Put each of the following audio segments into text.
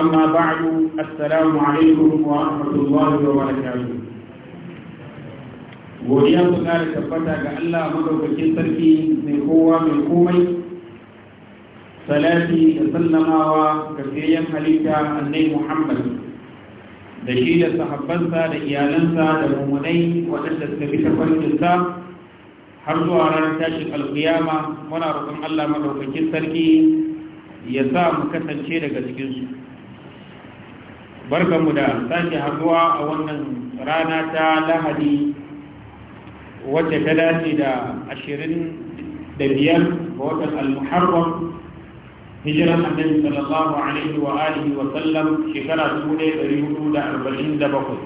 أما بعد السلام عليكم ورحمة الله وبركاته godiya su da tabbata ga Allah madaukakin sarki mai kowa mai komai salati da sallamawa ga fiyayyen halitta annai Muhammad da shi da sahabbansa da iyalansa da mummunai waɗanda suka bi tafarkinsa har zuwa ranar tashin alkiyama muna roƙon Allah madaukakin sarki ya sa mu kasance daga cikinsu barkanmu da sake haduwa a wannan rana ta lahadi wacce ta dace da ashirin da biyar ga watan al-muharram hijiran annabi sallallahu alaihi wa alihi wa sallam shekara dubu ɗaya ɗari da arba'in da bakwai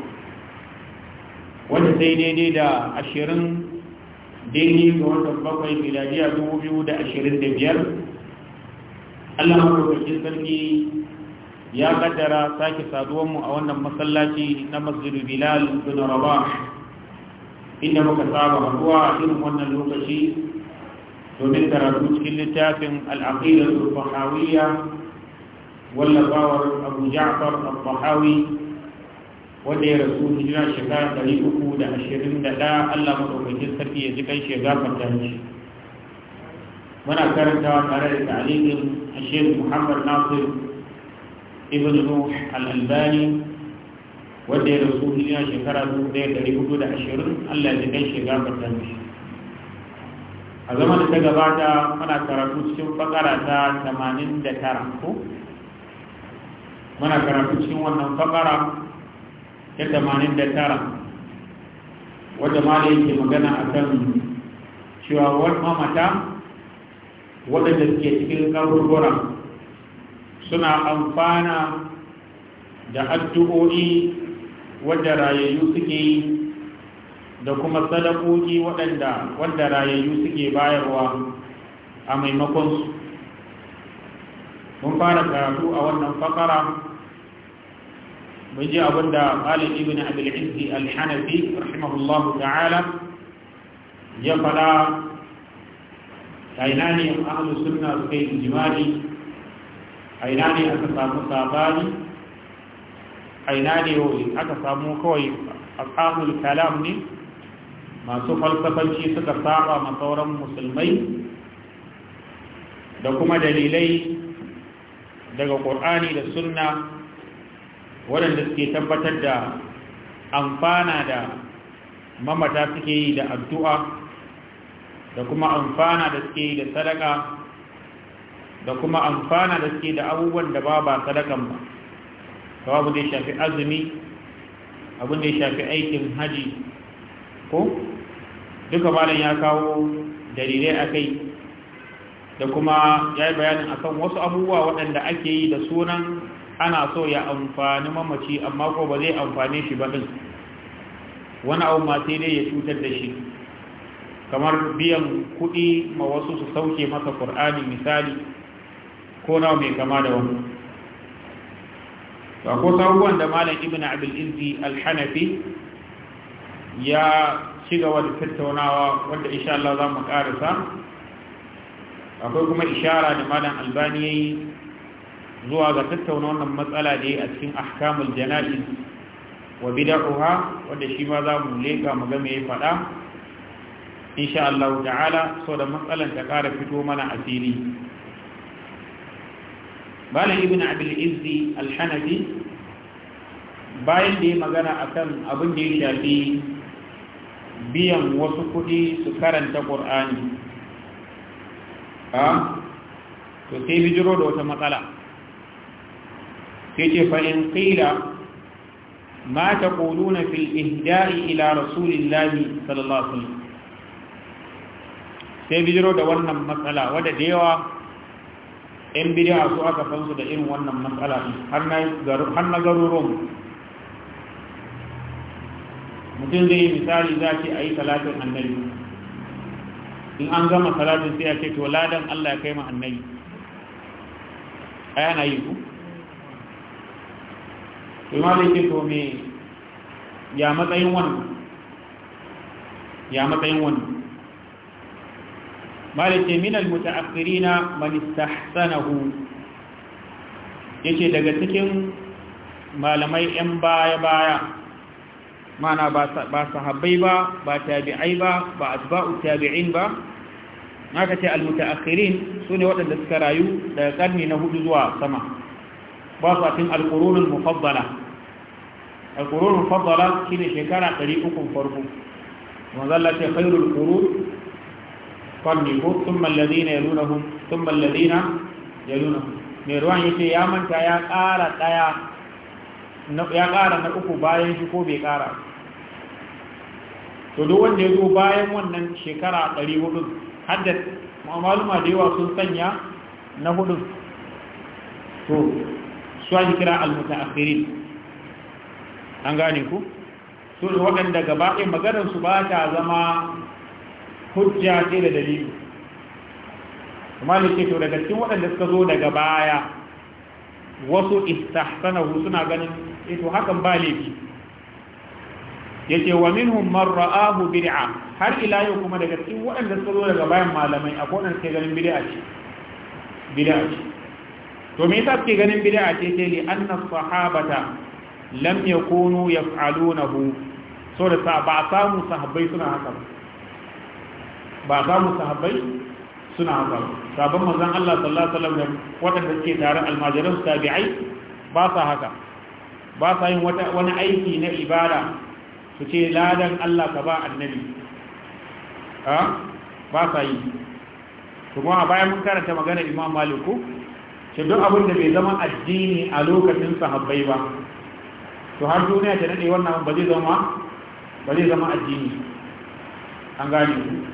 wacce sai daidai da ashirin daidai ga watan bakwai miladiya dubu biyu da ashirin da biyar Allah maɗaukakin sarki ya kaddara sake mu a wannan masallaci na masjidu bilal bin rabah inda muka saba haduwa a irin wannan lokaci domin karatu cikin littafin al'aqidar al-bahawiyya wallafawar abu ja'far al-bahawi wanda ya rasu hijira shekara 321 Allah madaukakin sarki ya ji kai shi gafarta shi muna karantawa tare da ta'alimin Sheikh Muhammad Nasir ibn ruh al-albani wanda ya rasu hijira shekara 1420 Allah ya kai shiga fatan shi a zaman da ta gabata muna karatu cikin fakara ta 89 ko muna karatu cikin wannan fakara ta 89 wadda ma da yake magana akan cewa wani mata waɗanda suke cikin kaburbura suna amfana da addu'o'i wadda rayayyu suke yi da kuma sadakoki waɗanda wadda rayayyu suke bayarwa a maimakonsu mun fara karatu a wannan fakara mun ji abinda Malik ibn Abdul Izzi al ta'ala ya fada ina ne ahlus sunna suka yi ijmani a ne aka samu sabani a ina ne aka samu kawai ashabul kalam ne masu falsafanci suka saba ma sauran musulmai da kuma dalilai daga ƙur'ani da sunna waɗanda suke tabbatar da amfana da mamata suke yi da addu'a da kuma amfana da suke yi da sadaka da kuma amfana da suke da abubuwan da ba ba sadakan ba Babu da ya shafi azumi abin da ya shafi aikin haji ko duka malam ya kawo dalilai a kai da kuma ya yi bayanin akan wasu abubuwa waɗanda ake yi da sunan ana so ya amfani mamaci amma ko ba zai amfane shi ba ɗin wani abu ma sai dai ya cutar da shi kamar biyan kuɗi ma wasu su sauke masa ƙur'ani misali ko nawa mai kama da wani ba ko sabuwan da malam ibn abdul izzi al-hanafi ya ci gaba tattaunawa wanda insha Allah za mu karasa akwai kuma ishara da malam albani yayi zuwa ga tattauna wannan matsala da ya a cikin ahkamul jana'iz wa bid'uha wanda shi ma za mu leka mu ga me ya faɗa insha Allah ta'ala so da matsalan ta ƙara fito mana asiri malam ibn abil izzi al-hanafi bayan da ya magana akan abin da ya shafi biyan wasu kuɗi su karanta ƙur'ani a to sai bijiro da wata matsala sai ce fa'in ƙila ma ta ƙuluna fil ihda'i ila rasulillahi sallallahu alaihi sai bijiro da wannan matsala wadda da yawa 'yan a su aka fansu da irin wannan matsala har na garuruwan mutum zai yi misali za ce a yi salatin annabi in an gama salatin sai a ce to ladan allah ya kai ma annabi a yana yi ku ma zai ce to mai ya matsayin wannan ya matsayin wannan malike minal mutaakhirina man istahsanahu yace daga cikin malamai yan baya baya mana ba sahabbai ba ba tabi'ai ba ba atba'u tabi'in ba naka ce almutaakhirin sune waɗanda suka rayu daga karni na hudu zuwa sama ba su cikin alqurunul mufaddala alqurunul mufaddala shine shekara 300 farko manzo Allah ce khairul qurun farmiku sun mallazi na yalunahun sun mallazi na yalunahun mai ruwan ya ce ya manta ya ƙara ɗaya ya ƙara na uku bayan shi ko bai kara. to duk wanda ya zo bayan wannan shekara 400 haddad ma'amaluma da yawa sun sanya na hudun to su ake kira almutaakhirin an gane ku su waɗanda gaba ɗaya maganarsu ba ta zama hujja ce da dalili kuma ne ce to daga cikin waɗanda suka zo daga baya wasu istahsanahu suna ganin Ito eh, hakan ba laifi yace wa minhum man ra'ahu bid'a har ila yau kuma daga cikin waɗanda suka zo daga bayan malamai akwai waɗanda suke ganin bid'a ce bid'a ce to me yasa suke ganin bid'a ce ce li anna sahabata lam yakunu yaf'alunahu so da ba a samu sahabbai suna haka ba ba za mu sahabbai suna haka sabon manzon Allah sallallahu alaihi wasallam da wadanda suke tare almajiran tabi'ai ba sa haka ba sa yin wata wani aiki na ibada su ce ladan Allah ka ba annabi ha ba sa yi kuma a bayan mun karanta magana Imam Malik ko ce duk abin da bai zama addini a lokacin sahabbai ba to har duniya ta nade wannan ba zai zama ba zai zama addini an gane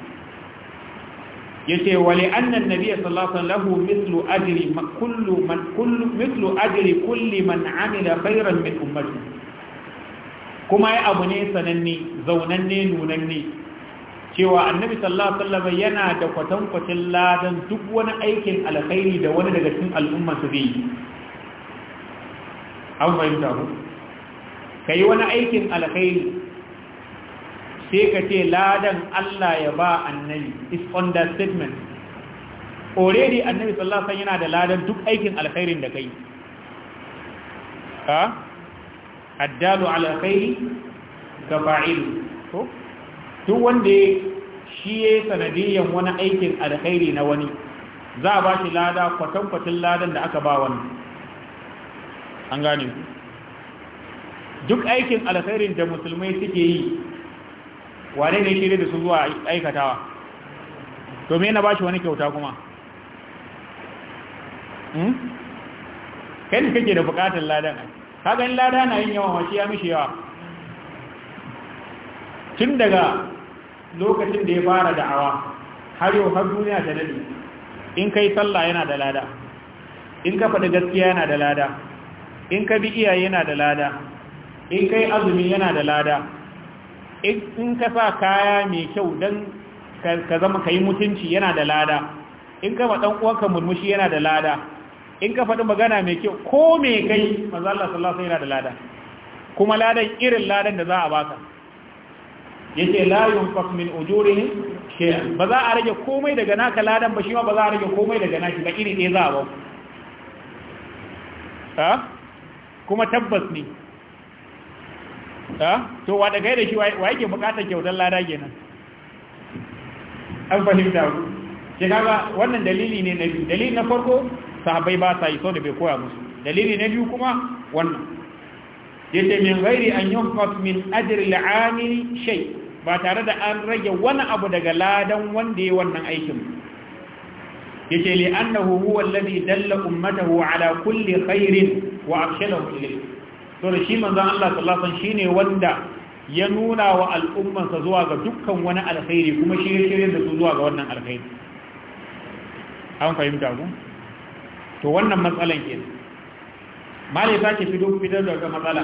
yace wali anna annabiyya sallallahu alaihi wasallam lahu mithlu ajri kullu man kullu mithlu ajri kulli man amila khairan min ummati kuma ya abu ne sananne zaunanne nunanne cewa annabi sallallahu alaihi wasallam yana da kwatan kwatankwacin ladan duk wani aikin alkhairi da wani daga cikin al'umma su zai yi an fahimta ku kai wani aikin alkhairi sai ka ce ladan Allah ya ba annabi is understatement already annabi sallallahu alaihi yana da ladan duk aikin alkhairin da kai ha addalu ala khairi ka fa'il to duk wanda shi ya sanadiyan wani aikin alkhairi na wani za a ba shi lada kwatankwacin ladan da aka ba wani an gane duk aikin alkhairin da musulmai suke yi wane ne shirye da su zuwa aikatawa to me na shi wani kyauta kuma hmm? kai ne kake da bukatar ladan ka gani lada na yin yawan wasu ya mishi yawa tun daga lokacin da ya fara da'awa har yau har duniya ta nadi in kai sallah yana da lada in ka faɗi gaskiya yana da lada in ka bi iyaye yana da lada in kai azumi yana da lada in ka sa kaya mai kyau don ka zama ka yi mutunci yana da lada in ka faɗin uwanka murmushi yana da lada in ka faɗin magana mai kyau ko mai kai maza Allah sallallahu yana da lada kuma ladan irin ladan da za a baka yake la yunqas min ne shay'an ba za a rage komai daga naka ladan ba shi ma ba za a rage komai daga naki ba iri ɗaya za a ba kuma tabbas ne to wa da kai da shi wa yake bukatar kyautar lada kenan an fahimta ku ke kaga wannan dalili ne na biyu dalili na farko sahabbai ba sa yi so da bai koya musu dalili na biyu kuma wannan yace min ghairi an yunqas min ajri al-amil shay ba tare da an rage wani abu daga ladan wanda yayi wannan aikin yace li annahu huwa alladhi dalla ummatahu ala kulli khairin wa abshadahu ilayhi to da shi manzon Allah sallallahu alaihi wasallam shine wanda ya nuna wa al'ummansa zuwa ga dukkan wani alkhairi kuma shi ya shirye da su zuwa ga wannan alkhairi an fahimta ku to wannan matsalan ke mali ta ke fito fitar da wata matsala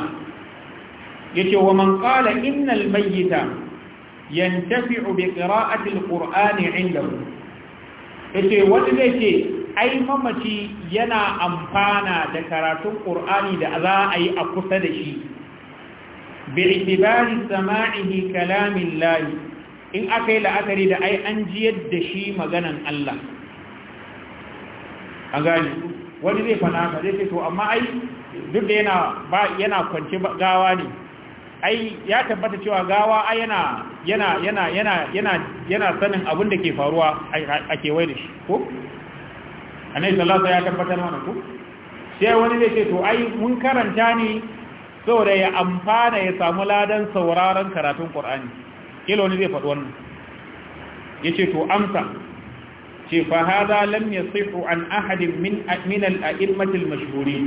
ya ce wa man ƙala innal mayyita yantafi'u bi qira'ati alqur'ani indahu yace wanda zai ce ai mamaci yana amfana da karatun ƙur'ani da za a yi a kusa da shi bi itibari sama'ihi kalamin layi in aka yi la'akari da ai an jiyar da shi maganan Allah a gani wani zai fana ka zai ce to amma ai duk da yana ba yana kwance gawa ne ai ya tabbata cewa gawa ai yana yana yana yana yana sanin abin da ke faruwa a wai da shi ko annabi sallallahu alaihi ya tabbatar mana ku sai wani zai ce to ai mun karanta ne saboda ya amfana ya samu ladan sauraron karatun qur'ani kila wani zai faɗi wannan ce to amsa ce fa hada lam yasihu an ahadin min min al-a'immati al-mashhurin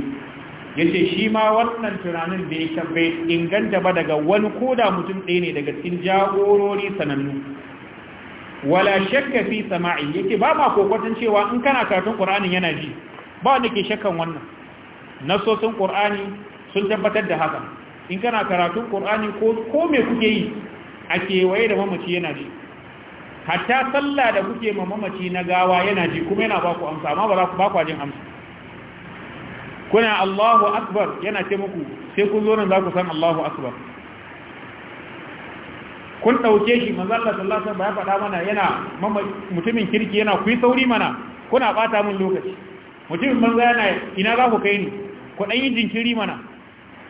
yace shi ma wannan tunanin da yake bai inganta ba daga wani koda mutum ɗaya ne daga cikin jagorori sanannu wala shakka fi sama'i yake ba ma kokotin cewa in kana karatun qur'anin yana ji ba wanda ke shakkan wannan nasosin qur'ani sun tabbatar da haka in kana karatun qur'ani ko ko me kuke yi a kewaye da mamaci yana ji hatta sallah da kuke ma mamaci na gawa yana ji kuma yana ba ku amsa amma ba za ku ku ajin amsa kuna Allahu akbar yana ce muku sai kun zo nan za ku san Allahu akbar kun ɗauke shi manzalla Allah sallallahu alaihi wasallam ya faɗa mana yana mutumin kirki yana ku yi sauri mana kuna ɓata min lokaci mutumin manza yana ina za ku kai ni ku ɗan yi jinkiri mana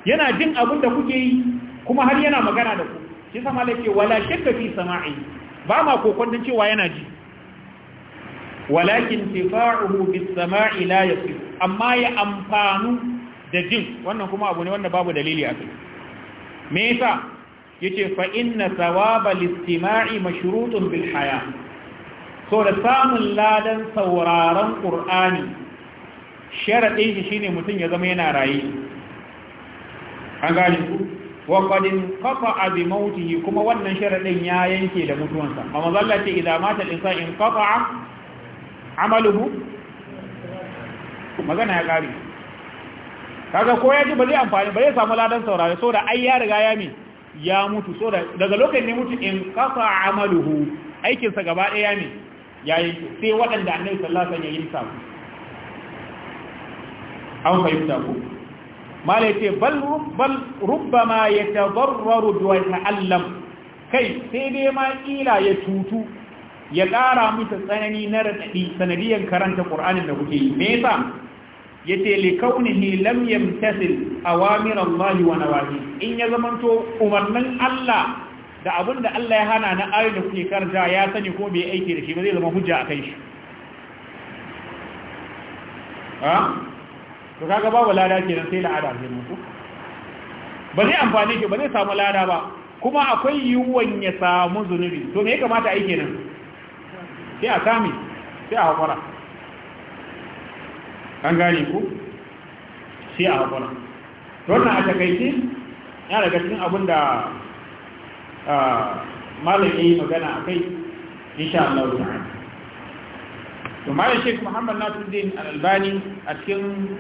yana jin abin da kuke yi kuma har yana magana da ku shi sama wala shakka fi sama'i ba ma kokon cewa yana ji walakin tifa'uhu bis sama'i la yasif amma ya amfanu da jin wannan kuma abu ne wanda babu dalili a kai me yasa yace fa inna thawaba listima'i mashrutun bil haya so da samun ladan sauraron qur'ani sharadin shi shine mutun ya zama yana rayi an gani ku wa qad qata'a bi mautihi kuma wannan sharadin ya yanke da mutuwansa amma ce idza mata al-insan in qata'a amaluhu magana ya kare kaga ko ya ji ba zai amfani ba zai samu ladan sauraron so da ai ya riga ya mi ya mutu so daga lokacin ne mutu in kafa amaluhu aikinsa gaba ɗaya ne yayin sai waɗanda annabi sallallahu alaihi wasallam ya yi sabu an fahimta ku mala yace bal bal rubbama yatadarraru wa ta'allam kai sai dai ma kila ya tutu ya ƙara mutu tsanani na raɗaɗi sanadiyan karanta ƙur'anin da kuke yi me yasa yace li kaunihi lam yamtasil awamir Allah wa nawahi in ya zamanto umarnin Allah da abinda Allah ya hana na ayoyin da kuke karja ya sani ko bai aiki da shi ba zai zama hujja a kai shi ha to kaga babu lada kenan sai la'ada zai mutu ba zai amfani shi ba zai samu lada ba kuma akwai yiwuwan ya samu zunubi to me ya kamata aiki nan sai a kame sai a hakura an gane ku sai a haƙura wannan a takaice ya daga cikin abin da malam yi magana a kai insha Allah ta'ala to Sheikh Muhammad Nasiruddin Al-Albani a cikin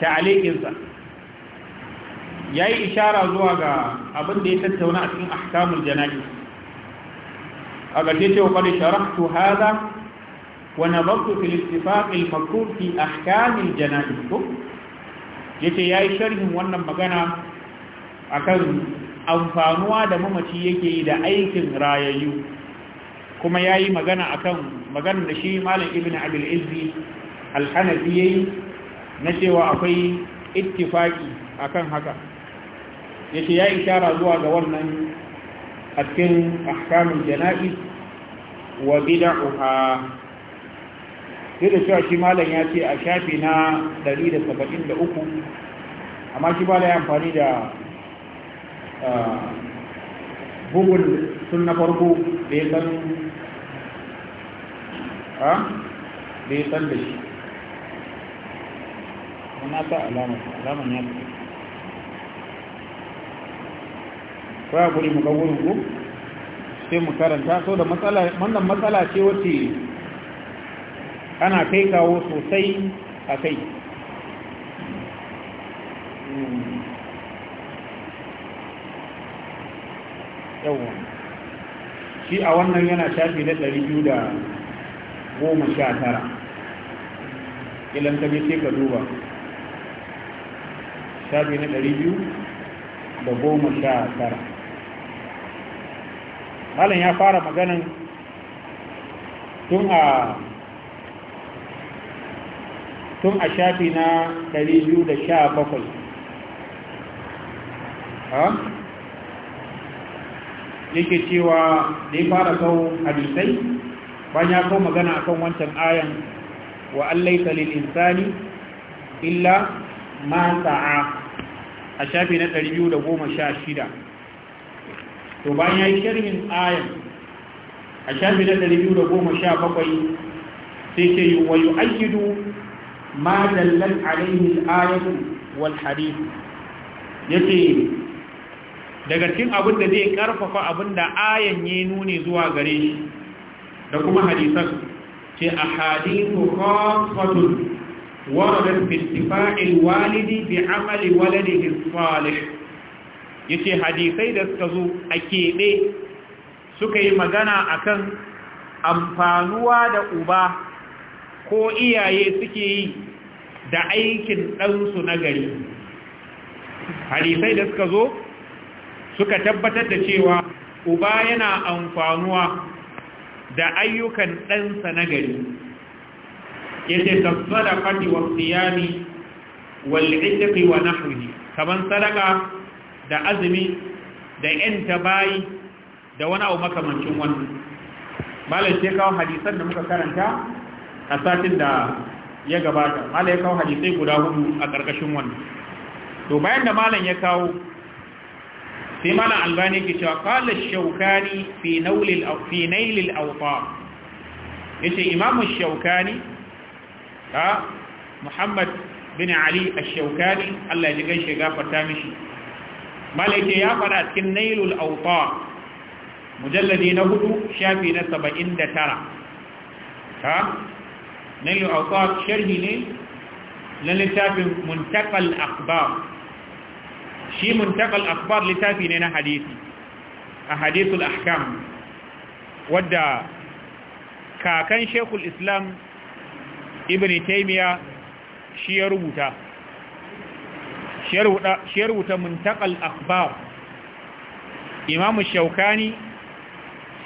ta'alikinsa yayi ishara zuwa ga abin da ya tattauna a cikin ahkamul janaiz a gaje cewa qad sharahtu hadha ونظرت في الاتفاق المذكور في احكام الجنائز yace ya yi sharhin wannan magana akan amfanuwa da mamaci yake yi da aikin rayayyu kuma yayi yi magana akan maganar da shi malam ibn abil izzi al-hanafi yayi na cewa akwai ittifaqi akan haka yace ya ishara zuwa ga wannan a cikin ahkamul janaiz wa bid'uha sai da cewa shi malam ya ce a shafi na 173 amma shi malam ya amfani da bugun sun na farko da ya san da ya san da shi na ta alaman alaman ya ce kwaya guri mu ga wurin ku sai mu karanta so da matsala wannan matsala ce wacce ana kai kawo sosai a kai yawon shi a wannan yana shafi na ɗari biyu da goma sha tara ilan ta bi ka duba shafi na ɗari biyu da goma sha tara ya fara maganin tun a tun a shafi na 217 yake cewa da ya fara kawo hadisai bayan ya kawo magana a kan wancan ayan wa allaita lil insani illa ma sa'a a shafi na 216 to bayan ya yi shirin ayan a shafi na 217 sai ce yi wayo yi aikidu ma dallan alaihi al'ayatu wal hadith daga cikin abin da zai karfafa abin da ayan ya nuni zuwa gare shi da kuma hadisan ce a hadithu khasfatun bi walidi bi amali waladihi salih yace hadisai da suka zo a kebe suka yi magana akan amfanuwa da uba ko iyaye suke yi da aikin ɗansu na gari hadisai da suka zo suka tabbatar da cewa uba yana amfanuwa da ayyukan ɗansa na gari yace da fati wa siyami wal wa nahwihi kaman sadaka da azumi da yanta bayi da wani abu makamancin wannan malam shekawa hadisan da muka karanta a satin da ya gabata mala ya kawo hadisai guda hudu a ƙarƙashin wannan to bayan da malam ya kawo sai malam albani ke cewa qala shaukani fi nailil fi nailil awtar yace imamu shaukani Ha! muhammad bin ali ash-shaukani Allah ya ji gaishe gafarta mishi malaka ya fara cikin nailul awtar mujalladi na hudu shafi na 79 Ha! na al'autar sharhi ne na littafin muntakal akbar shi muntakal akbar littafi ne na hadisi a hadisul ahkam wadda kakan shekul islam ibn taimiya shi ya rubuta shi ya rubuta muntakal akbar imamu shaukani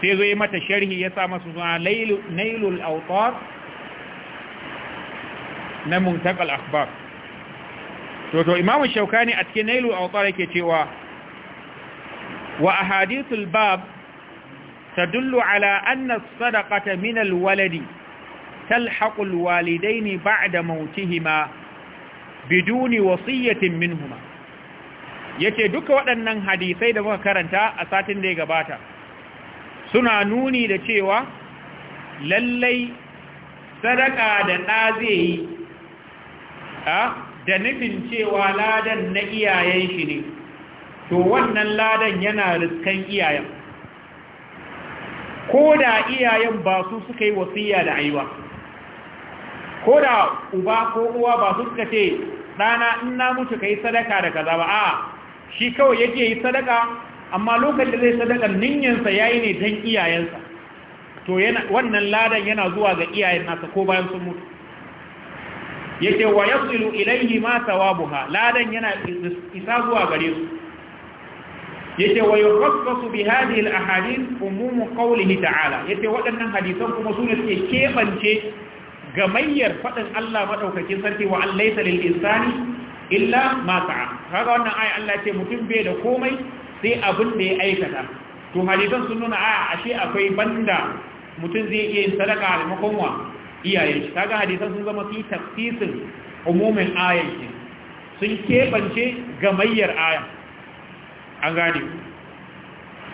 sai zo yi mata sharhi ya sa masu suna nailul autar na muntakal akhbar to imamu shaukani a cikin nailu awtar yake cewa wa ahadithul bab tadullu ala anna minal sadaqata min al-waladi talhaqu al-walidayn ba'da mawtihima biduni wasiyatin minhuma yace duka waɗannan hadisai da muka karanta a satin da ya gabata suna nuni da cewa lallai sadaka da ɗa zai yi da nufin cewa ladan na iyayen shi ne to wannan ladan yana riskan iyayen ko da iyayen ba su suka yi wasiya da aiwa ko da uba ko uwa ba su suka ce ɗana in na mutu ka yi sadaka da kaza ba a shi kawai yake yi sadaka amma lokacin zai sadaka ninyansa ya yi ne don iyayensa to wannan ladan yana zuwa ga iyayen nasa ko bayan sun mutu yace wa yasilu ilayhi ma thawabuha ladan yana isa zuwa gare su yace wa su bi hadhihi al ahadith umum qawlihi ta'ala yace waɗannan hadisan kuma sune suke kebance gamayyar faɗin Allah maɗaukacin sarki wa allaysa lil insani illa ma sa'a kaga wannan ayi Allah ce mutum bai da komai sai abin da ya aikata to hadisan sun nuna a ashe akwai banda mutum zai iya yin sadaka a maimakon wa iyayen shi kaga hadisan sun zama fi tafsirin umumin ayan shi sun kebance gamayyar aya an gane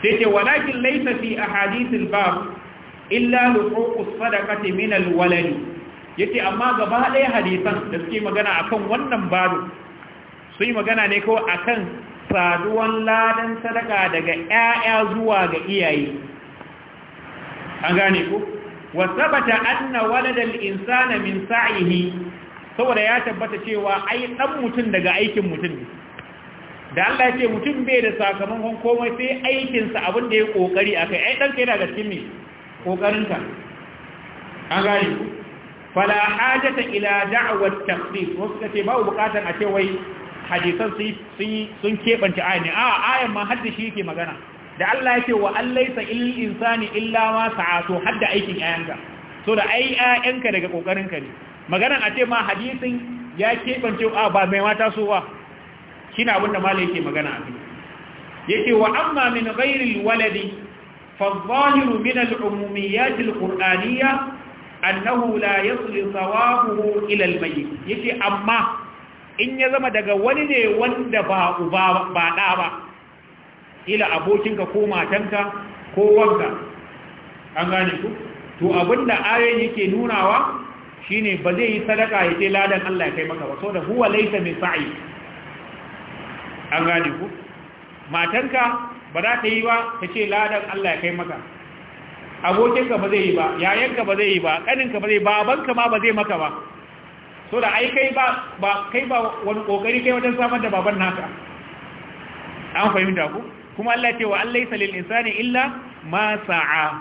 sai ce walakin laysa fi ahadithil bab illa luqu sadaqati min yace amma gaba ɗaya hadisan da suke magana akan wannan babu su yi magana ne ko akan saduwan ladan sadaka daga ƴaƴa zuwa ga iyaye an gane ku wasabata anna anna al insana min sa'ihi saboda ya tabbata cewa ai dan mutun daga aikin mutun ne da Allah ya ce mutum bai da sakamakon komai sai aikin sa abin da ya kokari akai ai dan kai daga cikin ne kokarin ka an gani fala hajata ila da'wat taqdis wasu ce ba bukatan a ce wai hadisan sun sun kebanta ayani a ayan ma hadda shi yake magana da Allah ya ce wa allaisa il insani illa ma sa'a hadda aikin ayanka so da ai ayanka daga kokarin ka ne maganan a ce ma hadisin ya kebance a ba mai mata so ba shine abin da malai yake magana a cikin yake wa amma min ghairi waladi fa adh-dhahiru min al-umumiyat al-qur'aniyya annahu la yaslu thawabuhu ila al-mayyit yake amma in ya zama daga wani ne wanda ba uba ba da ba ila abokinka ko matanka ko wanka an gane ku to abinda ayoyin yake nunawa shine ba zai yi sadaka ya ce ladan Allah ya kai maka ba saboda huwa laysa min sa'i an gane ku matanka ba za ta yi ba ta ce ladan Allah ya kai maka abokinka ba zai yi ba yayanka ba zai yi ba kaninka ba zai babanka ma ba zai maka ba so da ai kai ba ba kai ba wani kokari kai wajen samar da baban naka an fahimta ku kuma Allah ce wa Allah laisa lil insani illa ma sa'a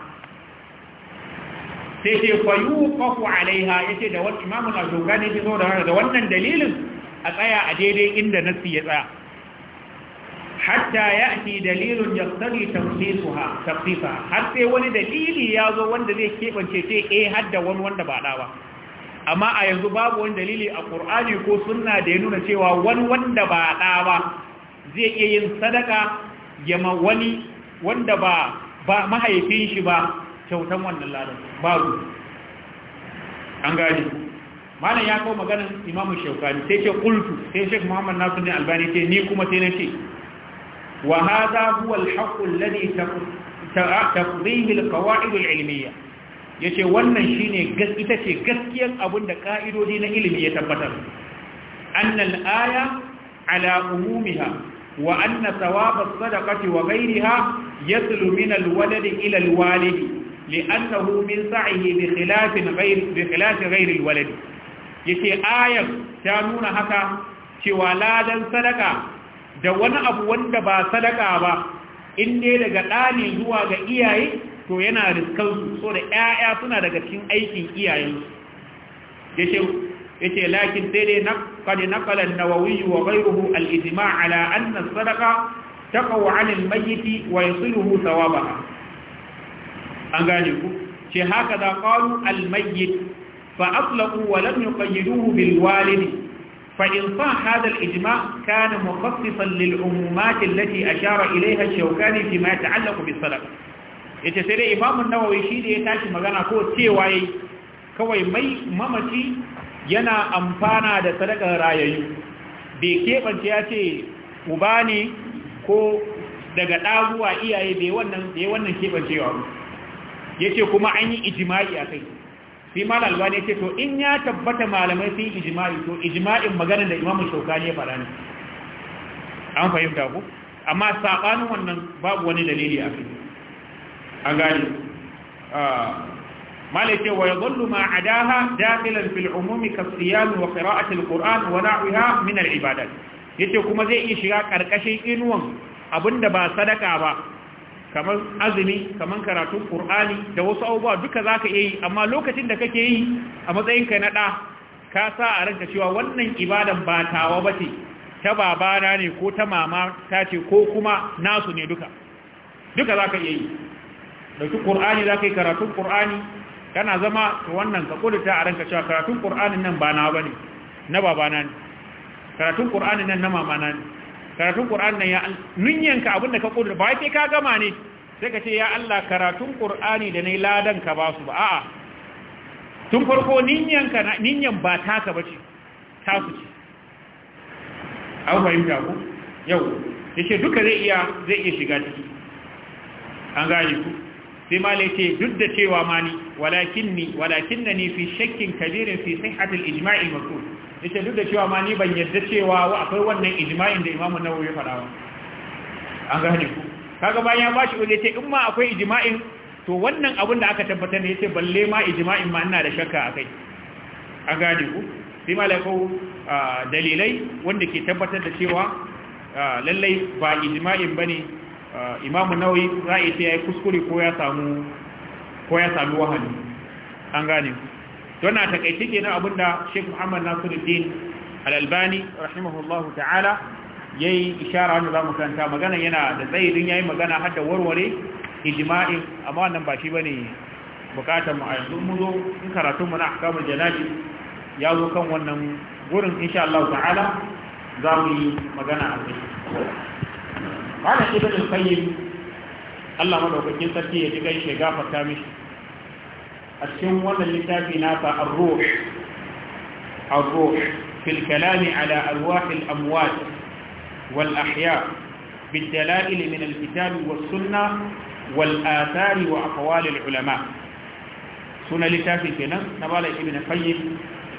sai ce fa yuqafu alaiha yace da wannan imamu a jogani ya zo da da wannan dalilin a tsaya a daidai inda nasi ya tsaya hatta ya'ti dalilin yaqtadi tafsisuha tafsisa har sai wani dalili ya zo wanda zai kebance ce eh hadda wani wanda ba dawa. amma a yanzu babu wani dalili a Qur'ani ko sunna da ya nuna cewa wani wanda ba da ba zai iya yin sadaka yama wani wanda ba ba mahaifin shi ba kyautan wannan ladan babu an gani malam ya kawo maganar imamu shaukani sai ce kultu sai shek muhammad nasu ne albani ce ni kuma sai na ce wa haza huwa alhaqu alladhi taqdihi alqawaid alilmiyya yace wannan shine ita ce gaskiyar abin da ka'idodi na ilimi ya tabbatar annal aya ala umumiha wa anna thawaba sadaqati wa ghayriha yaslu min alwalad ila alwalid li'annahu min sa'ihi bi khilaf ghayr bi khilaf ghayr alwalad yace ayat ta nuna haka cewa ladan sadaka da wani abu wanda ba sadaka ba in dai daga ɗani zuwa ga iyaye to yana riskansu so da 'ya'ya suna daga cikin aikin iyayensu yace lakin sai dai na kadi nakala an wa ghayruhu al-ijma' ala sadaka, as-sadaqa taqaw 'ala al-mayyit wa yasiluhu thawabaha an gane ku ce haka da qalu al-mayyit fa atlaqu wa lam yuqayyiduhu bil-walid fa in fa hadha al-ijma' kana mukhaffifan lil-umumat allati ashara ilayha ash-shawkani fi ma yata'allaqu bis-sadaqa yace sai dai imam an-nawawi shi ne ya tashi magana ko cewa yayi kawai mai mamaci yana amfana da sadakar rayayyu bai keɓance ya ce uba ne ko daga ɗaguwa iyaye bai wannan keɓancewa ya ce kuma an yi ijima'i a kai sai malalwa ne ce to in ya tabbata malamai sun yi ijima'i to ijima'in magana da imamu shauka ya faɗa ne an fahimta ku amma saɓanin wannan babu wani dalili a kai an gani ah, مالك ويظل ما عداها داخلا في العموم كالصيام وقراءة القرآن ونحوها من العبادات yace kuma zai iya shiga karkashin inuwan abinda ba sadaka ba kamar azumi kamar karatun qur'ani da wasu abubuwa duka zaka yi amma lokacin da kake yi a matsayin ka na da ka sa a ranka cewa wannan ibadan ba tawa bace ta babana ne ko ta mama ta ce ko kuma nasu ne duka duka zaka yi dauki qur'ani zaka yi karatun qur'ani kana zama wannan ka kudita a ranka cewa karatun qur'anin nan ba na bane na babana ne karatun qur'anin nan na mamana ne karatun qur'anin nan ya nunyanka abinda ka kudita ba ke ka gama ne sai ka ce ya Allah karatun qur'ani da nayi ladan ka ba su ba a'a tun farko ninyanka ninyan ba taka bace ta su ce an fahimta ku yau yake duka zai iya zai iya shiga ciki an gane ku sai ma laice duk da cewa ma ni walakin ni walakin na ni fi shakkin kabirin fi sihhatil ijma'i maqul yace duk da cewa ma ni ban yadda cewa akwai wannan ijma'in da Imam nawawi ya fara an gane ku kaga bayan ya bashi wani yace in ma akwai ijma'in to wannan abin da aka tabbatar ne yace balle ma ijma'in ma ina da shakka akai an gane ku sai ma laifau dalilai wanda ke tabbatar da cewa lallai ba ijma'in bane Uh, imamu Nauyi za a ce ya yi kuskure ko ya samu ko sami wahani an gane don na takaice ke na abinda sheikh muhammad nasiruddin al'albani rahimahullahu ta'ala ya yi ishara wanda za mu karanta magana yana da don ya yi magana har da warware ijima'in amma wannan ba shi ba ne bukatar mu a yanzu mu zo in karatunmu na akamar janaji ya zo kan wannan gurin insha Allah ta'ala za mu yi magana a kai malam ibn al-qayyim Allah madaukakin sarki ya ji gaishe gafarta mishi a cikin wannan littafi nasa ar-ruh ar-ruh fi al-kalam ala arwah al-amwat wal ahya بالدلائل من الكتاب والسنة والآثار وأقوال العلماء سنة لتافي كنا نبالا ابن قيم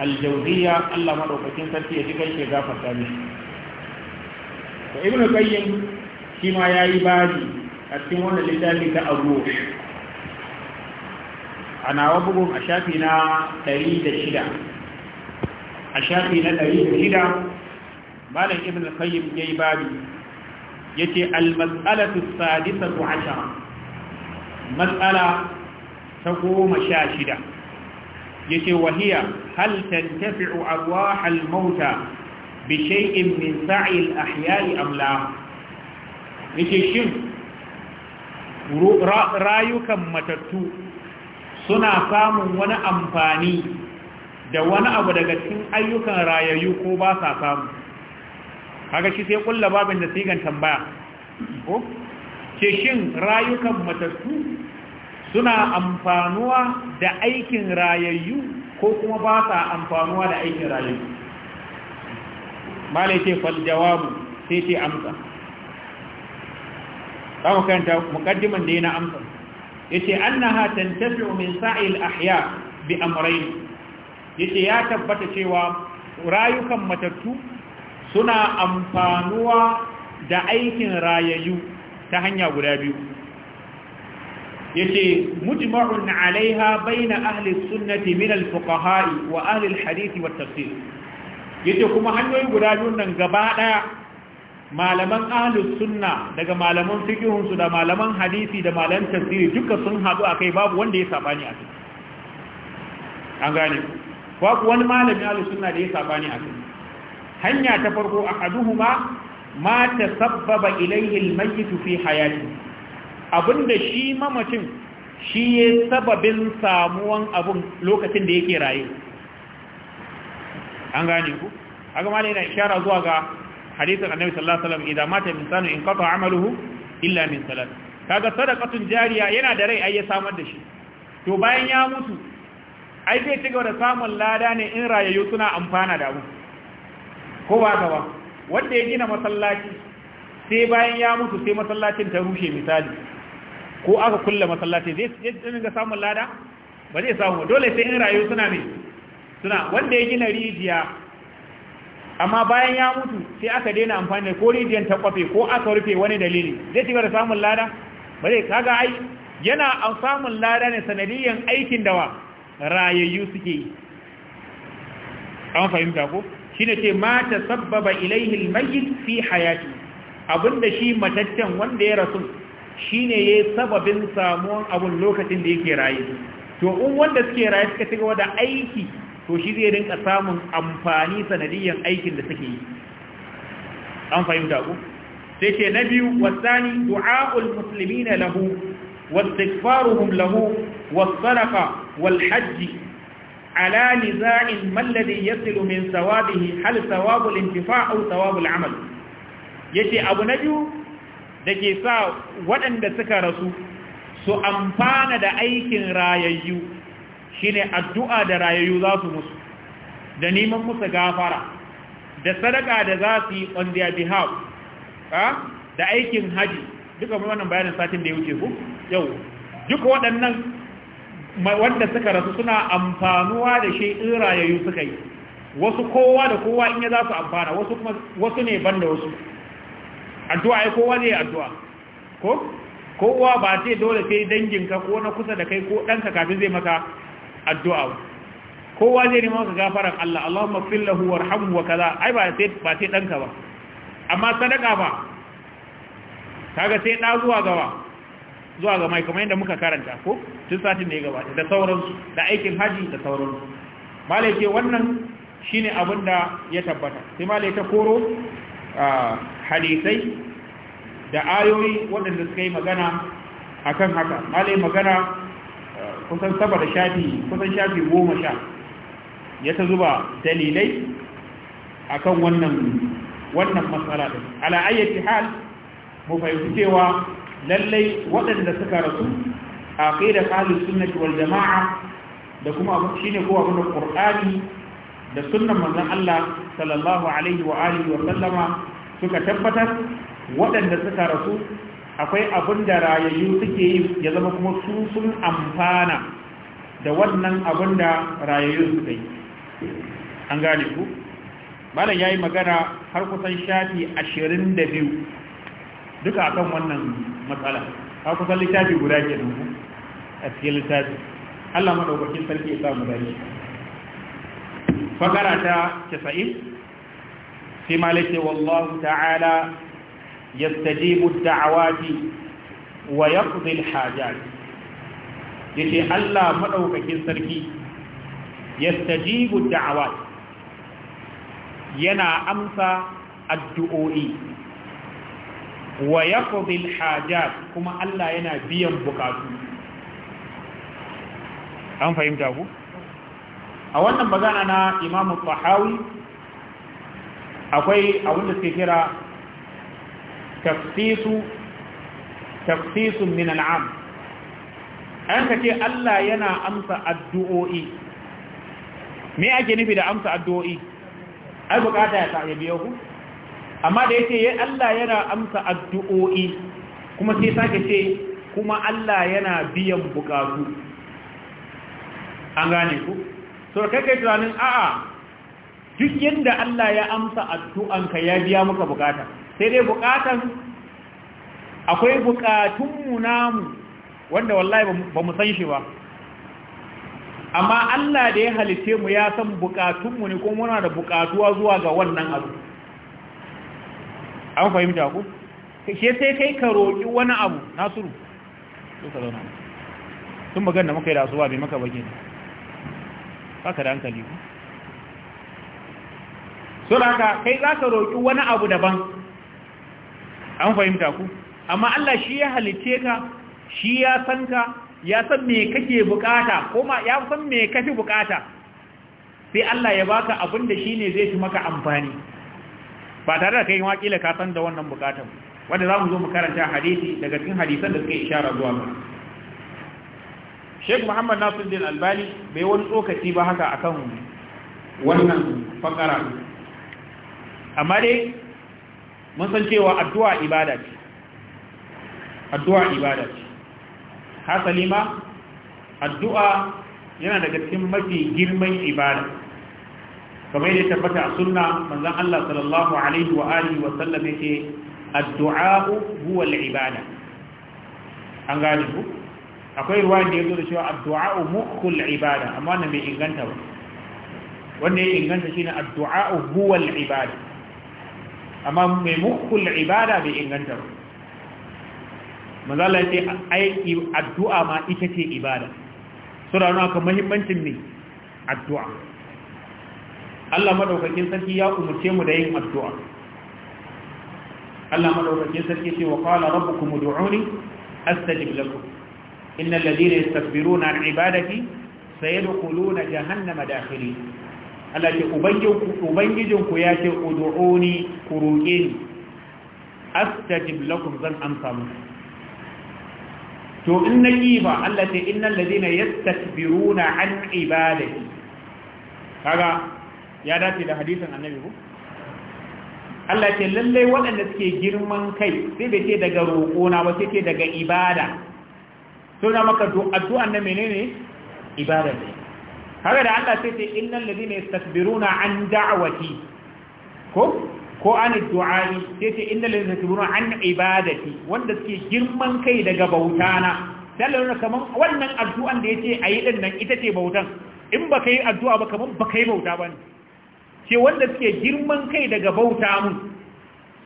الجوزية الله مدعو فكين سرسي يجيكي شغافة تابيش فابن قيم shi ma ya yi babi a cikin wannan littafi ta abu a nawa bugun a shafi na shida. a shafi na shida, malam ibn al-qayyim ya yi babi ya ce al-mas'alatu ku ashara mas'ala ta goma sha shida ya ce wahiya hal tantafi'u arwahal mauta bi shay'in min sa'il ahya'i am la yake shin rayukan matattu suna samun wani amfani da wani abu daga cikin ayyukan rayayyu ko ba sa samu kaga shi sai kulla babin da sigan tambaya ko ke shin rayukan matattu suna amfanuwa da aikin rayayyu ko kuma ba sa amfanuwa da aikin rayayyu malai ce fal jawabu sai ce amsa za mu karanta da yana amsa yace annaha tantafi'u min sa'il ahya bi amrayn yace ya tabbata cewa rayukan matattu suna amfanuwa da aikin rayayu ta hanya guda biyu yace mujma'un 'alaiha baina ahli sunnati min al-fuqaha'i wa ahli al-hadith wa at-tafsir yace kuma hanyoyi guda biyun nan gaba daya malaman ahlus sunna daga malaman fiqhun su da malaman hadisi da malaman tafsiri duka sun hadu akai babu wanda ya sabani a cikin, an gane babu wani malami ahlus sunna da ya sabani a cikin, hanya ta farko ahaduhuma ma tasabbaba ilayhi almayyit fi hayati abinda shi mamacin shi ya sababin samuwan abun lokacin da yake raye an gane ku aga malai na ishara zuwa ga hadisin annabi sallallahu alaihi wasallam idan mata insanu in qata amaluhu illa min salat kaga sadaqatun jariya yana da rai ai ya samar da shi to bayan ya mutu ai zai ci gaba da samun lada ne in rayayyu suna amfana da mu ko ba ka ba wanda ya gina masallaci sai bayan ya mutu sai masallacin ta rushe misali ko aka kulle masallaci zai ga samun lada ba zai samu dole sai in rayayyu suna ne suna wanda ya gina rijiya amma bayan ya mutu sai aka daina amfani da ko rijiyar ta kwafe ko aka rufe wani dalili zai ci da samun lada ba zai kaga ai yana samun lada ne sanadiyyan aikin dawa rayayyu suke yi an fahimta ko shi ce ma ta sabbaba ilaihi almayyit fi hayati abinda shi mataccen wanda ya rasu shine ya sababin samuwan abun lokacin da yake raye to in wanda suke raye suka ci gaba da aiki to shi zai rinka samun amfani sanadiyan aikin da suke yi an fahimta ku sai ce na biyu wasani du'a'ul muslimina lahu واستغفارهم له والصدقة والحج على نزاع ما الذي يصل من ثوابه هل ثواب الانتفاع أو amal. Ya yace abu na biyu da ke sa waɗanda suka rasu su amfana da aikin rayayyu shine addu'a da rayayyu za su musu da neman musu gafara da sadaka da za su yi on their behalf da aikin haji duka wannan bayanin satin da ya wuce ku yau duka waɗannan wanda suka rasu suna amfanuwa da shi in rayayyu suka yi wasu kowa da kowa in ya za su amfana wasu ne ban da wasu addu'a ya kowa zai addu'a ko kowa ba sai dole sai danginka ko na kusa da kai ko ɗanka kafin zai maka addu'a kowa zai nemi maka gafaran Allah Allahumma fil lahu warhamhu wa kaza ai ba sai ba sai danka ba amma sadaka ba kaga sai da zuwa gaba zuwa ga mai kamar yadda muka karanta ko tun satin da ya gabata da sauran da aikin haji da sauran malai wannan shine abin da ya tabbata sai malai ta koro hadisai da ayoyi waɗanda suka yi magana akan haka malai magana kusan saba da shafi kusan shafi goma sha ya ta zuba dalilai akan wannan wannan matsala din ala hal mu fahimci cewa lallai waɗanda suka rasu a da ahlus sunnati wal jama'a da kuma abu shine ko abu da qur'ani da sunan manzon Allah sallallahu alaihi wa alihi wa sallama suka tabbatar waɗanda suka rasu akwai abin da rayayyu suke yi ya zama kuma su sun amfana da wannan abin da rayayyu suka yi an gane ku malam ya yi magana har kusan shafi ashirin da biyu duka akan wannan matsala har kusan littafi guda ke nufu a cikin littafi allah maɗaukakin sarki ya samu dace fakara ta 90 sai malake wallahu ta'ala yastajibu ad-da'awati wa yaqdi al Allah maɗaukakin sarki yastajibu ad yana amsa addu'o'i wa yaqdi kuma Allah yana biyan buƙatu. an fahimta ku a wannan magana na imamu tahawi akwai abinda suke kira tafsisu tafsisun min al'am an ka ce Allah yana amsa addu'o'i me ake nufi da amsa addu'o'i ai bukata ya sa biyo ku amma da ya ce Allah yana amsa addu'o'i kuma sai sake ce kuma Allah yana biyan bukatu an gane ku so kai kai tunanin a'a duk yadda Allah ya amsa addu'anka ya biya maka bukata sai dai bukatan akwai bukatunmu namu wanda wallahi ba mu san shi ba amma Allah da ya halice mu ya san mu ne ko muna da bukatuwa zuwa ga wannan abu an fahimta ku ke sai kai ka roƙi wani abu nasiru sun magana muka yi da asuwa bai maka bage ne haka da hankali ku haka, kai za ka roƙi wani abu daban an fahimta ku amma Allah shi ya halitte ka shi ya san ka ya san me kake bukata kuma ya san me kake bukata sai Allah ya baka abin da shine zai fi maka amfani ba tare da kai wakila ka san da wannan bukatun wanda za mu zo mu karanta hadisi daga cikin hadisan da suke ishara zuwa ga Sheikh Muhammad Nasiruddin Albani bai wani tsokaci ba haka akan wannan fakara amma dai mun san cewa addu'a ibada ce addu'a ibada ce hasali ma addu'a yana daga cikin mafi girman ibada kamar yadda tabbata a sunna manzon Allah sallallahu alaihi wa alihi wa sallam yake addu'a huwa al-ibada an gane ku akwai ruwa da yazo da cewa addu'a mukhul ibada amma wannan bai inganta ba wanda ya inganta shi addu'a huwa al-ibada amma mai mukul ibada bai inganta ba mazala ce aiki addu'a ma ita ce ibada suna nuna kan mahimmancin ne addu'a Allah maɗaukakin sarki ya umarce mu da yin addu'a Allah maɗaukakin sarki ce wa kala rabu kuma du'uni astajib lakum innal ladina yastakbiruna an ibadati sayadkhuluna jahannama dakhirin Allah ce ubangijinku ya ce ud'uni ku roƙe ni astajib lakum zan amsa muku to in na ba Allah ce innal ladina yastakbiruna an ibadati kaga ya dace da hadisin annabi ko Allah ce lalle waɗanda suke girman kai sai bai ce daga roƙona ba sai ce daga ibada suna maka addu'an na menene ibada ne kaga da Allah sai ce innal ladina yastakbiruna an da'wati ko ko an du'ai sai ce innal ladina yastakbiruna an ibadati wanda suke girman kai daga bautana dalilin kaman wannan addu'an da yace ayi din nan ita ce bautan in baka yi addu'a ba kaman baka yi bauta bane ce wanda suke girman kai daga bauta mun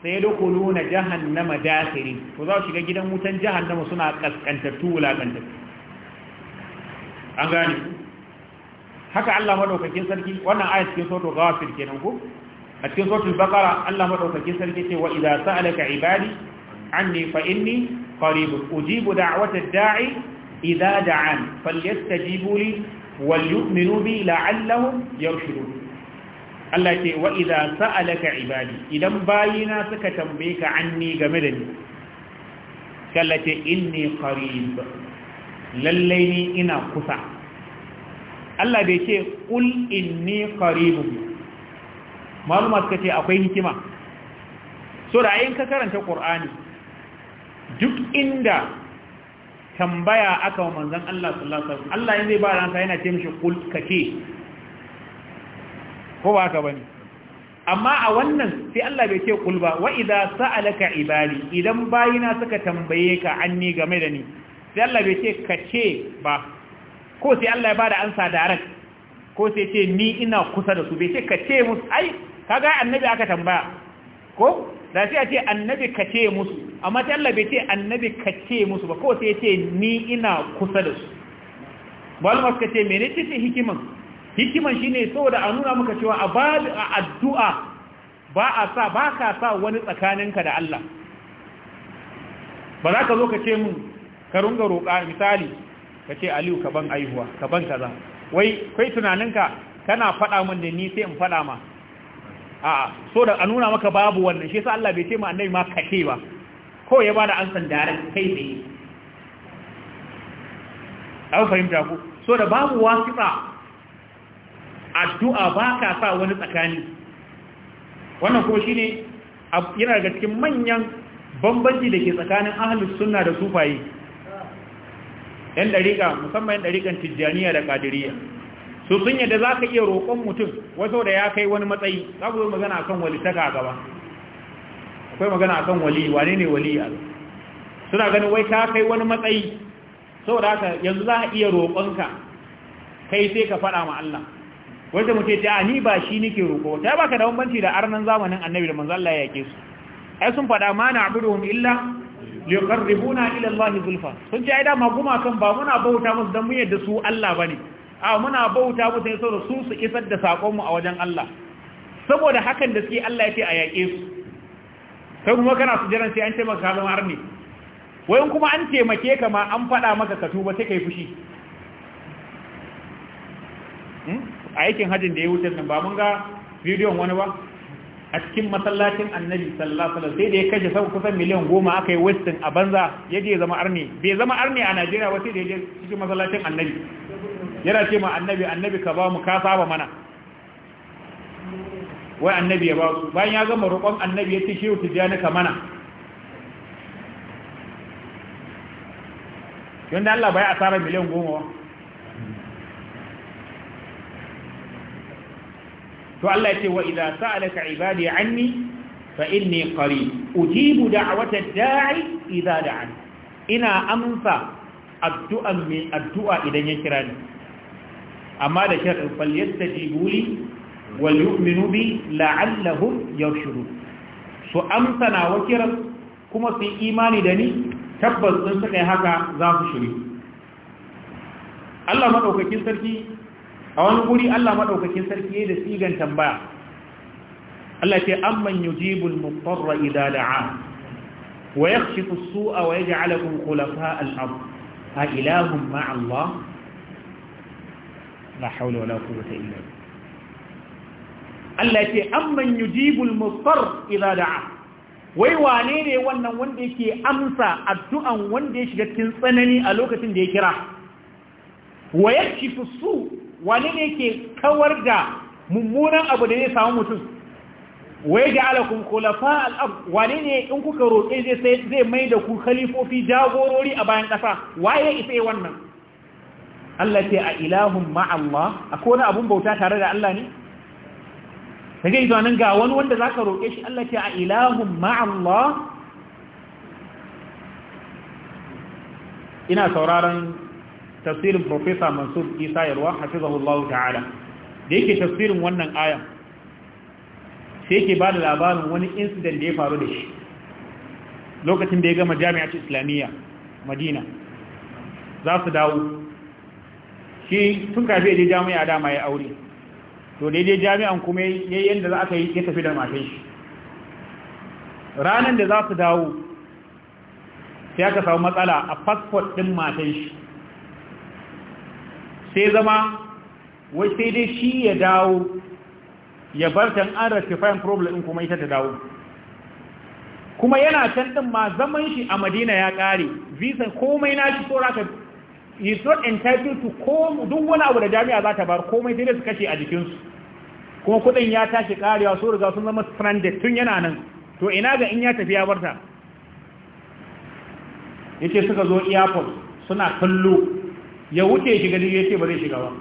sai dukuluna jahannama dakhirin ko za su shiga gidan wutan jahannama suna kaskantattu wulakantattu an gane haka Allah madaukakin sarki wannan ayat cikin suratul ghafir kenan ko a cikin suratul baqara Allah madaukakin sarki ce wa idza sa'alaka ibadi anni fa inni qarib ujibu da'wata da'i idza da'an falyastajibu li walyu'minu bi la'allahum yarshudun Allah ce wa idza sa'alaka ibadi idan bayina suka tambaye ka anni game da ni kallace inni qarib lallai ni ina kusa Allah bai ce qul inni qaribun maluma suka ce akwai hikima so da ayin ka karanta qur'ani duk inda tambaya aka wa manzon Allah sallallahu alaihi wasallam Allah yanzu ba ranka yana ce mishi qul ce, ko ba haka bane amma a wannan sai Allah bai ce kulba wa idza sa'alaka ibadi idan bayina suka tambaye ka anni game da ni sai Allah bai ce kace ba ko sai Allah ya bada ansa direct ko sai ce ni ina kusa da su bai ce ka ce musu ai kaga annabi aka tambaya ko da sai a ce annabi ka ce musu amma sai Allah bai ce annabi ka ce musu ba ko sai ce ni ina kusa da su balmas ka ce mene ce ce hikiman hikiman shine saboda a nuna maka cewa a ba addu'a ba a sa ba ka sa wani tsakaninka da Allah ba za ka zo ka ce mun ka runga roƙa misali ka ce aliyu ka ban aihuwa ka ban kaza wai kai tunaninka kana faɗa min da ni sai in faɗa ma a so da a nuna maka babu wannan shi yasa Allah bai ce ma annabi ma kake ba ko ya bada ansan daren kai tsaye an fahimta ku so da babu wasiƙa addu'a ba ka sa wani tsakani wannan kuma shine yana daga cikin manyan bambanci da ke tsakanin ahlus sunna da sufaye yan ɗariƙa musamman yan ɗariƙan tijjaniya da ƙadiriya su sun yadda za ka iya roƙon mutum wasu da ya kai wani matsayi za ku zo magana a kan wali ta gaba akwai magana a kan wali wane ne wali a suna ganin wai ta kai wani matsayi da haka yanzu za a iya roƙonka kai sai ka faɗa ma Allah wanda mutum ta ni ba shi nike roƙo ta ka da bambanci da arnan zamanin annabi da manzo Allah ya yake su ai sun faɗa ma na wani illa liqarribuna ila Allah zulfa sun ce ai da maguma kan ba muna bauta musu dan mu yadda su Allah bane a muna bauta musu ne saboda su su isar da sakon mu a wajen Allah saboda hakan da suke Allah ya ce a yaƙe su sai kuma kana su jiran sai an ce maka zama arni wayan kuma an taimake ka ma an fada maka ka tuba sai kai fushi hmm? a yakin da ya wuce nan ba mun ga bidiyon wani ba a cikin masallacin annabi sallallahu alaihi wasallam sai da ya kashe sau kusan miliyan goma aka yi wasting a banza ya je zama arne bai zama arne a najeriya ba sai da ya je cikin masallacin annabi yana ce ma annabi annabi ka ba mu ka saba mana wai annabi ya ba su bayan ya gama roƙon annabi ya ce shehu tijjani ka mana yanda Allah bai asara miliyan goma to Allah ya ce wa idza sa'alaka ibadi anni fa inni qarib ujibu da'wata da'i idza da'an ina amsa addu'an mai addu'a idan ya kira ni amma da sharadin falyastajibu li wal yu'minu bi la'allahum yarshudun su amsa na wa kuma su yi imani da ni tabbas sun suka yi haka za su shuri. Allah madaukakin sarki a wani guri Allah madaukakin sarki da sigan tambaya Allah ce amman mutarra wa sua wa a ilahum ma'a Allah la hawla wala quwwata illa Allah ce wai wane ne wannan wanda yake amsa addu'an wanda ya shiga cikin tsanani a lokacin da ya kira wa yakshifu su wani ne ke kawar da mummunan abu da zai samu mutum Wai da alakun kulafa al'ab wani ne in kuka roƙe zai mai da ku kalifofi jagorori a bayan ƙasa waye isa wannan Allah ce a ilahun ma'allah a kone abun bauta tare da Allah ne? ta gai zuwa nan ga wani wanda za ka roƙe shi Allah ce a ilahun ma'allah ina sauraron tafsirin profesa mansur isa yarwa hafizahullahu ta'ala da yake tafsirin wannan aya sai yake ba da labarin wani incident da ya faru da shi lokacin da ya gama jami'ar islamiyya madina za su dawo shi tun kafi ya je jami'a da ya aure to dai-dai jami'an kuma ya yi yadda za aka yi ya tafi da matan shi ranar da za su dawo sai aka samu matsala a passport ɗin matan shi sai zama wai sai dai shi ya dawo ya bar can an rectifying problem kuma ita ta dawo kuma yana can din ma zaman shi a madina ya kare visa komai na shi tsora ka is not entitled to ko duk wani abu da jami'a za ta bar komai sai dai su kashe a jikinsu kuma kudin ya tashi karewa so riga sun zama stranded tun yana nan to ina ga in ya tafi ya barta yace suka zo airport suna kallo ya wuce shiga duk ya ce ba zai shiga ba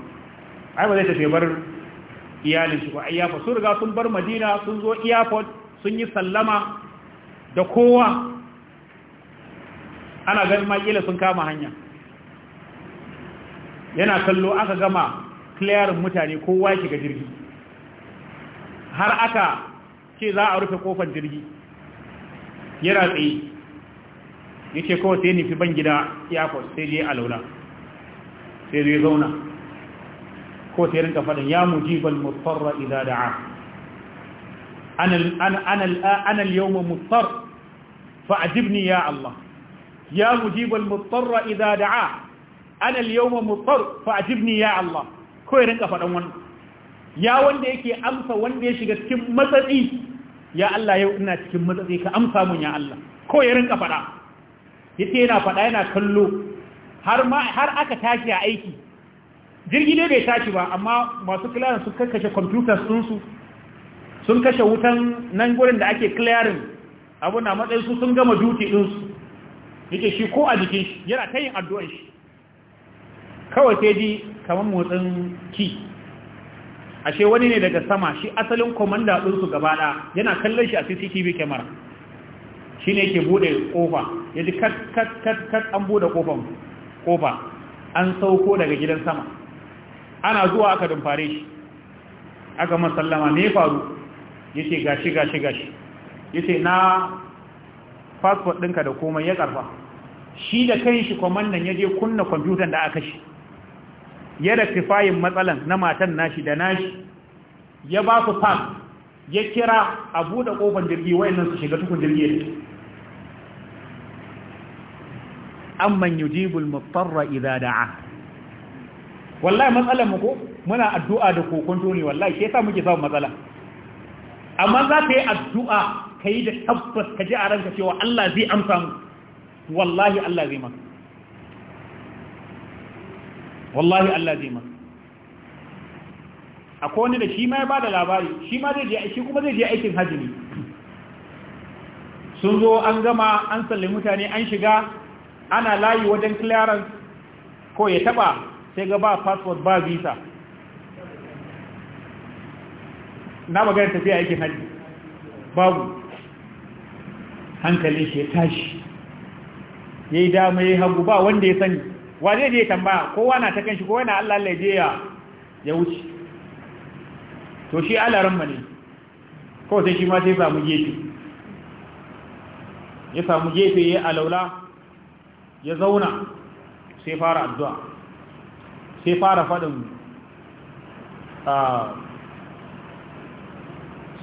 ai ba zai tafi bar iyalin shi ba ai ya sun riga sun bar madina sun zo airport sun yi sallama da kowa ana ganin makila sun kama hanya yana kallo aka gama clear mutane kowa shiga jirgi har aka ce za a rufe kofar jirgi yana tsaye ya ce kawai sai nufi ban gida airport sai dai a launa sai zai zauna ko sai rinka faɗin ya mujibal mutarra idza da'a ana ana ana al-yawma mutar fa'ajibni ya Allah ya mujibal mutarra idza da'a ana al-yawma mutar fa'ajibni ya Allah ko ya rinka faɗan wani. ya wanda yake amsa wanda ya shiga cikin matsatsi ya Allah yau ina cikin matsatsi ka amsa mun ya Allah ko ya rinka faɗa ya yace yana faɗa yana kallo har aka tashi a aiki jirgi ne bai tashi ba amma masu kilarin sun kashe computers ɗinsu sun kashe wutan nan gurin da ake kilarin abuna na matsayin su sun gama duty ɗinsu yake shi ko a jikin shi yana ta yin addu'an shi kawai sai ji kamar motsin ki ashe wani ne daga sama shi asalin komanda ɗinsu gabaɗa yana kallon shi a cctv camera shi ne ke buɗe ƙofa ya ji kat kat kat an buɗe ƙofan kofa an sauko daga gidan sama ana zuwa aka dumfare shi aka masallama ne faru ya ce gashi gashi gashi ya ce na fasfot ɗinka da komai ya ƙarfa shi da kai shi kwamannan ya je kunna kwamfutan da aka shi ya rectifying matsalan na matan nashi da nashi ya ba su ya kira a buɗe ƙofar jirgi wayannan su shiga tukun jirgi amman yujibul muftarra idza da'a wallahi matsalar muku muna addu'a da kokonto ne wallahi shi yasa muke samun matsala amma za ka yi addu'a ka yi da tabbas ka ji a ranka cewa Allah zai amsa mu wallahi Allah zai maka wallahi Allah zai maka akwai wani da shi ma ya bada labari shi ma zai je shi kuma zai je aikin hajji ne sun zo an gama an sallai mutane an shiga ana layi wajen clearance ko ya taba sai ga ba passport ba visa na magana tafiya yake hajji babu hankali shi ya tashi ya yi dama ya hagu ba wanda ya sani wa zai je tambaya kowa na ta kanshi kowa na Allah laje ya ya wuce to shi alaran ne kawai sai shi ma sai samu gefe ya samu gefe ya alaula ya zauna sai fara addu'a sai fara faɗin ah,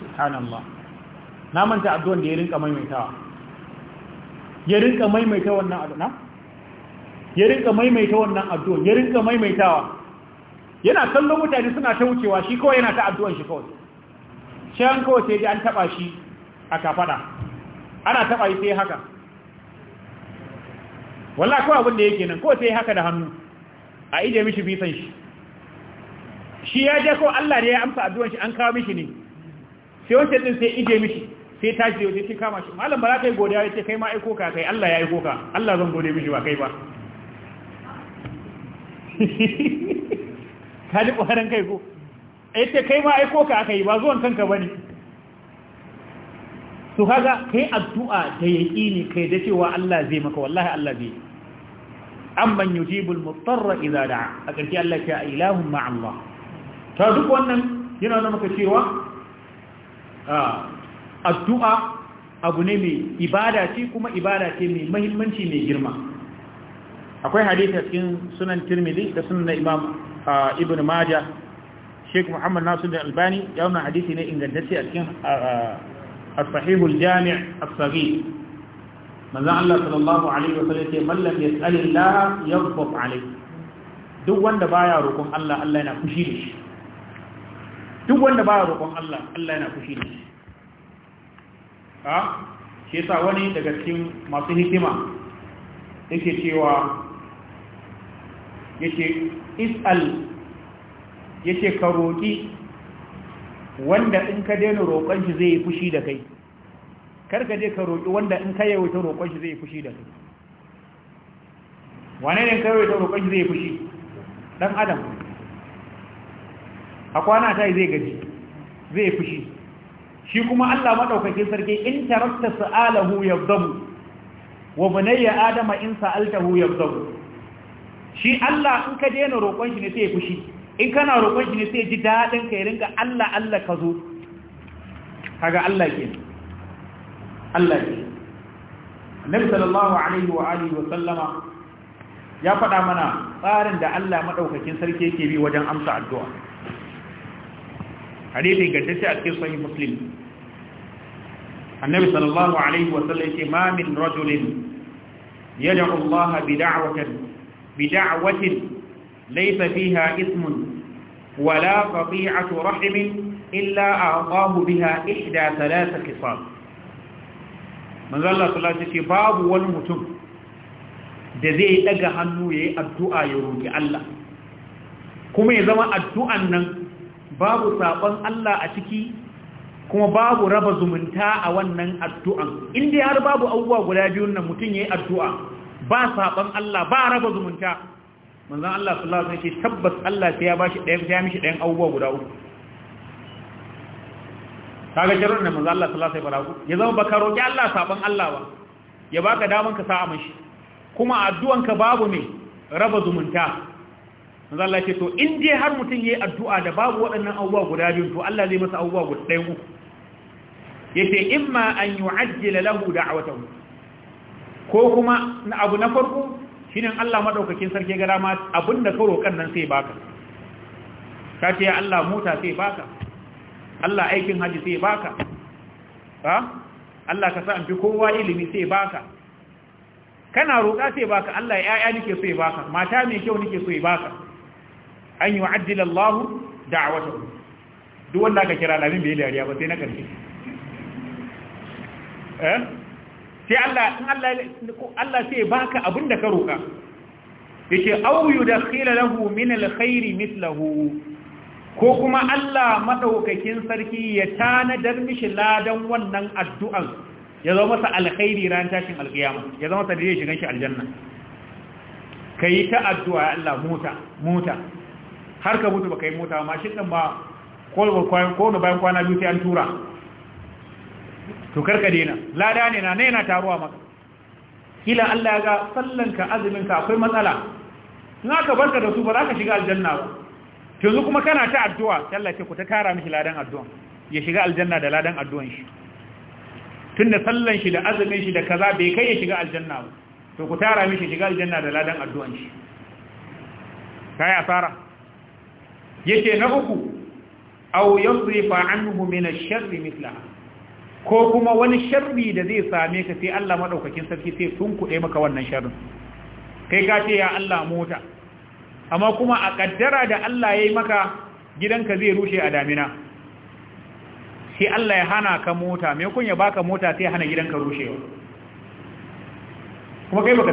subhanallah na manta addu'an da ya rinka maimaitawa ya rinka maimaita wannan addu'a ya rinka maimaita wannan addu’a ya rinka maimaitawa yana kallon mutane suna ta wucewa shi kawai yana ta addu'an shi kawai shi an kawai sai an taɓa shi a kafaɗa ana taɓa yi sai haka Wala ko abin da yake nan ko sai haka da hannu a ije mishi bisan shi shi ya je ko Allah ne ya amsa addu'ar shi an kawo mishi ne sai wancan din sai ije mishi sai tashi da sai kama shi malam ba za yi godiya ya kai ma aiko ka kai Allah ya aiko ka Allah zan gode mishi ba kai ba ka ji ƙwaran kai ko a yace kai ma aiko ka aka yi ba zuwan kanka bane. to su kai addu'a da yaƙi ne kai da cewa Allah zai maka wallahi Allah zai amman yujibul mutarra idza da'a a karshe Allah ya ilahun ma Allah ta duk wannan yana nuna maka cewa addu'a abu ne mai ibada ce kuma ibada ce mai mahimmanci mai girma akwai a cikin sunan tirmidhi da sunan imam ibn majah sheikh muhammad nasir da albani ya wuna hadisi ne ingantacce a cikin as-sahihul jami' as-saghir manzon Allah sallallahu alaihi wasallam yace man lam yas'alillah yaghdab alaihi. duk wanda baya roƙon Allah Allah yana fushi da shi duk wanda baya roƙon Allah Allah yana fushi da shi ha shi yasa wani daga cikin masu hikima yake cewa yace is'al yace ka roƙi wanda in ka daina roƙon shi zai yi fushi da kai karka je ka roƙi wanda in ka yawaita roƙon shi zai fushi da su. wane ne ka yawaita roƙon shi zai fushi dan adam a kwana ta zai gaji zai fushi shi kuma Allah maɗaukakin sarki in tarakta sa'alahu yabdabu wa bunayya adama in sa'altahu yabdabu shi Allah in ka na roƙon shi ne sai fushi in kana roƙon shi ne sai ji daɗin ka ya ringa Allah Allah ka zo kaga Allah kenan Allah ne Annabi sallallahu alaihi wa alihi wa sallama ya faɗa mana tsarin da Allah madaukakin sarki yake bi wajen amsa addu'a hadisi gaddace a cikin sahih muslim Annabi sallallahu alaihi wa sallam yake ma min rajulin yad'u Allah bi da'watin bi da'watin laysa fiha ismun wala qati'atu rahimin illa a'tahu biha ihda thalath qisas manzo Allah sallallahu alaihi wasallam babu wani mutum da zai daga hannu yi addu'a ya roki Allah kuma ya zama addu'an nan babu sabon Allah a ciki kuma babu raba zumunta a wannan addu'an inda har babu abubuwa guda biyu nan mutum yi addu'a ba sabon Allah ba raba zumunta manzo Allah sallallahu alaihi wasallam tabbas Allah sai ya bashi ɗayan ya mishi ɗayan abubuwa guda uku kaga shirin da manzo Allah sallallahu alaihi wasallam ya zama baka roki Allah saban Allah ba ya baka daman ka sa'a mishi kuma addu'anka babu me raba zumunta manzo Allah ce to in dai har mutun yayi addu'a da babu waɗannan abubuwa guda biyu to Allah zai masa abubuwa guda ɗaya uku yace imma an yu'ajjila lahu da'watahu ko kuma abu na farko shine Allah madaukakin sarki ga dama abinda ka roƙan nan sai baka kace ya Allah mota sai baka Allah aikin haji sai baka ha Allah ka sa an fi kowa ilimi sai baka kana roƙa sai baka Allah ya'ya nake so ya baka mata mai kyau nake so ya baka an yu'addila Allah da'watahu duk wanda ka kira lamin bai dariya ba sai na karshe eh sai Allah in Allah Allah sai baka abinda ka roƙa yake aw yudkhila lahu min alkhairi mithluhu ko kuma Allah maɗaukakin sarki ya tanadar mishi ladan wannan addu'an ya zama masa alkhairi ran tashin alkiyama ya zama masa dalilin shigan shi aljanna Ka yi ta addu'a ya Allah mota mota har ka mutu ba ka yi mota ma shi ɗin ba ko bayan kwana biyu sai an tura to ka dena lada ne na yana taruwa maka kila Allah ya ga sallanka azuminka akwai matsala in aka barka da su ba za ka shiga aljanna ba yanzu kuma kana ta addu'a Allah ce ku ta tara mishi ladan addu'a ya shiga aljanna da ladan addu'an shi tunda sallan shi da azumin shi da kaza bai kai ya shiga aljanna ba to ku tara mishi shiga aljanna da ladan addu'an shi kai asara yake na uku aw yasrifa anhu min ash-sharri mithlaha ko kuma wani sharri da zai same ka sai Allah madaukakin sarki sai sun kuɗe maka wannan sharrin kai ka ce ya Allah mota amma kuma a kaddara da Allah ya yi maka gidanka zai rushe a damina sai Allah ya hana ka mota mai kun ya baka mota sai hana gidanka rushewa kuma kai baka